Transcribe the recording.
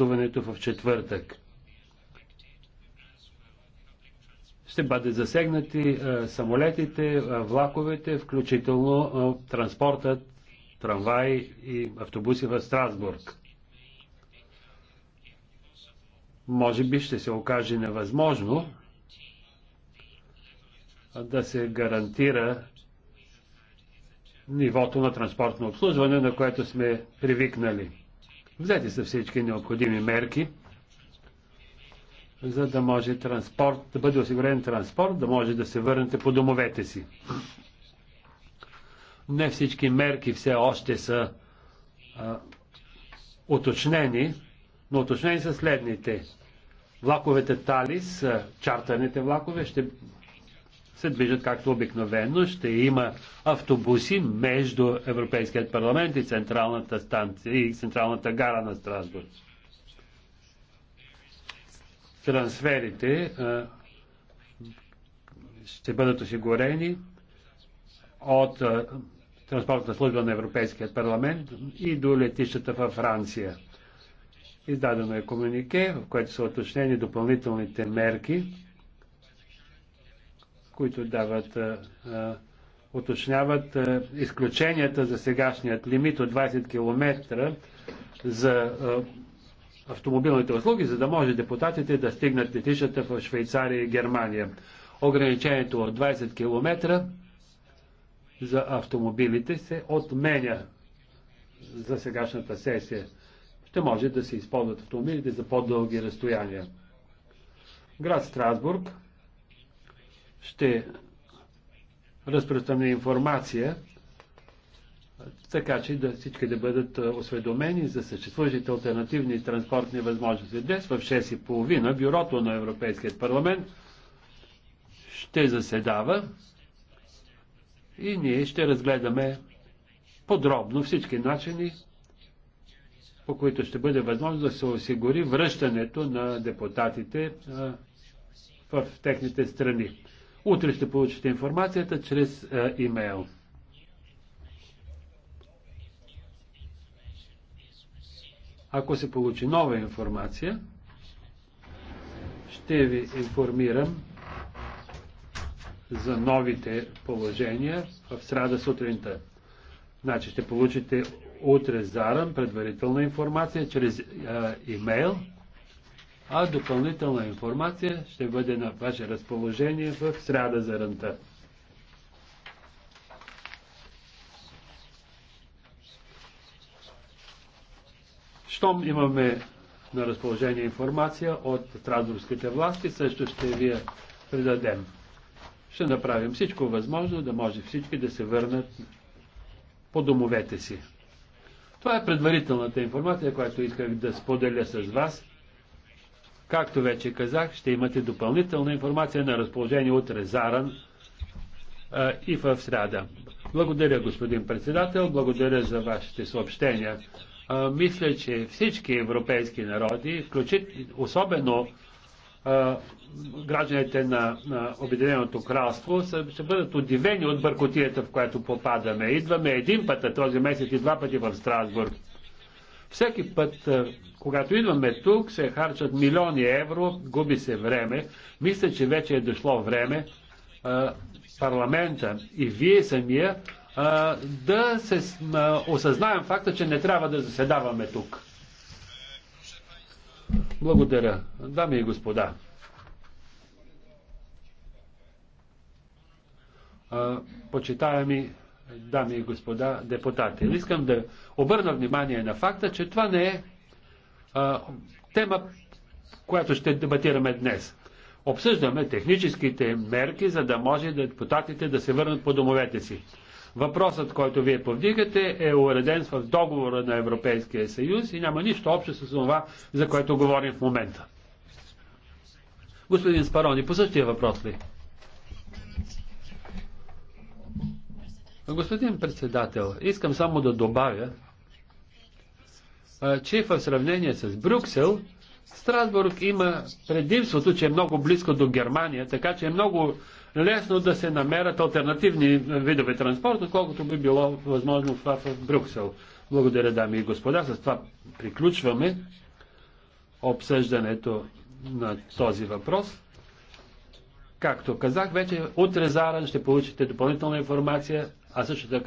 гласуването в четвъртък. Ще бъде засегнати самолетите, влаковете, включително транспортът, трамваи и автобуси в Страсбург. Може би ще се окаже невъзможно да се гарантира нивото на транспортно обслужване, на което сме привикнали. Взети са всички необходими мерки, за да може транспорт, да бъде осигурен транспорт, да може да се върнете по домовете си. Не всички мерки все още са а, уточнени, но уточнени са следните. Влаковете Талис, чартаните влакове, ще се движат както обикновено. Ще има автобуси между Европейският парламент и централната, станция, и централната гара на Страсбург. Трансферите а, ще бъдат осигурени от а, Транспортна служба на Европейския парламент и до летищата във Франция. Издадено е комунике, в което са уточнени допълнителните мерки които дават, уточняват изключенията за сегашният лимит от 20 км за автомобилните услуги, за да може депутатите да стигнат летищата в Швейцария и Германия. Ограничението от 20 км за автомобилите се отменя за сегашната сесия. Ще може да се използват автомобилите за по-дълги разстояния. Град Страсбург ще разпространя информация, така че да всички да бъдат осведомени за съществуващите альтернативни транспортни възможности. Днес в 6.30 бюрото на Европейският парламент ще заседава и ние ще разгледаме подробно всички начини, по които ще бъде възможно да се осигури връщането на депутатите в техните страни. Утре ще получите информацията чрез е, имейл. Ако се получи нова информация, ще ви информирам за новите положения в среда сутринта. Значи ще получите утре заран предварителна информация чрез е, имейл а допълнителна информация ще бъде на ваше разположение в среда за рънта. Щом имаме на разположение информация от страдорските власти, също ще ви я предадем. Ще направим всичко възможно, да може всички да се върнат по домовете си. Това е предварителната информация, която исках да споделя с вас. Както вече казах, ще имате допълнителна информация на разположение от Резаран а, и в среда. Благодаря, господин председател, благодаря за вашите съобщения. А, мисля, че всички европейски народи, включително особено а, гражданите на, на Обединеното кралство, са, ще бъдат удивени от бъркотията, в която попадаме. Идваме един път този месец и два пъти в Страсбург. Всеки път, е, когато идваме тук, се харчат милиони евро, губи се време. Мисля, че вече е дошло време е, парламента и вие самия е, да се осъзнаем факта, че не трябва да заседаваме тук. Благодаря. Дами и господа. Почитаеми дами и господа депутати. Искам да обърна внимание на факта, че това не е а, тема, която ще дебатираме днес. Обсъждаме техническите мерки, за да може депутатите да се върнат по домовете си. Въпросът, който вие повдигате, е уреден в договора на Европейския съюз и няма нищо общо с това, за което говорим в момента. Господин Спарони, по същия въпрос ли? Господин председател, искам само да добавя, че в сравнение с Брюксел, Страсбург има предимството, че е много близко до Германия, така че е много лесно да се намерят альтернативни видове транспорт, отколкото би било възможно това в Брюксел. Благодаря, дами и господа. С това приключваме обсъждането на този въпрос. Както казах, вече утре заран ще получите допълнителна информация а също така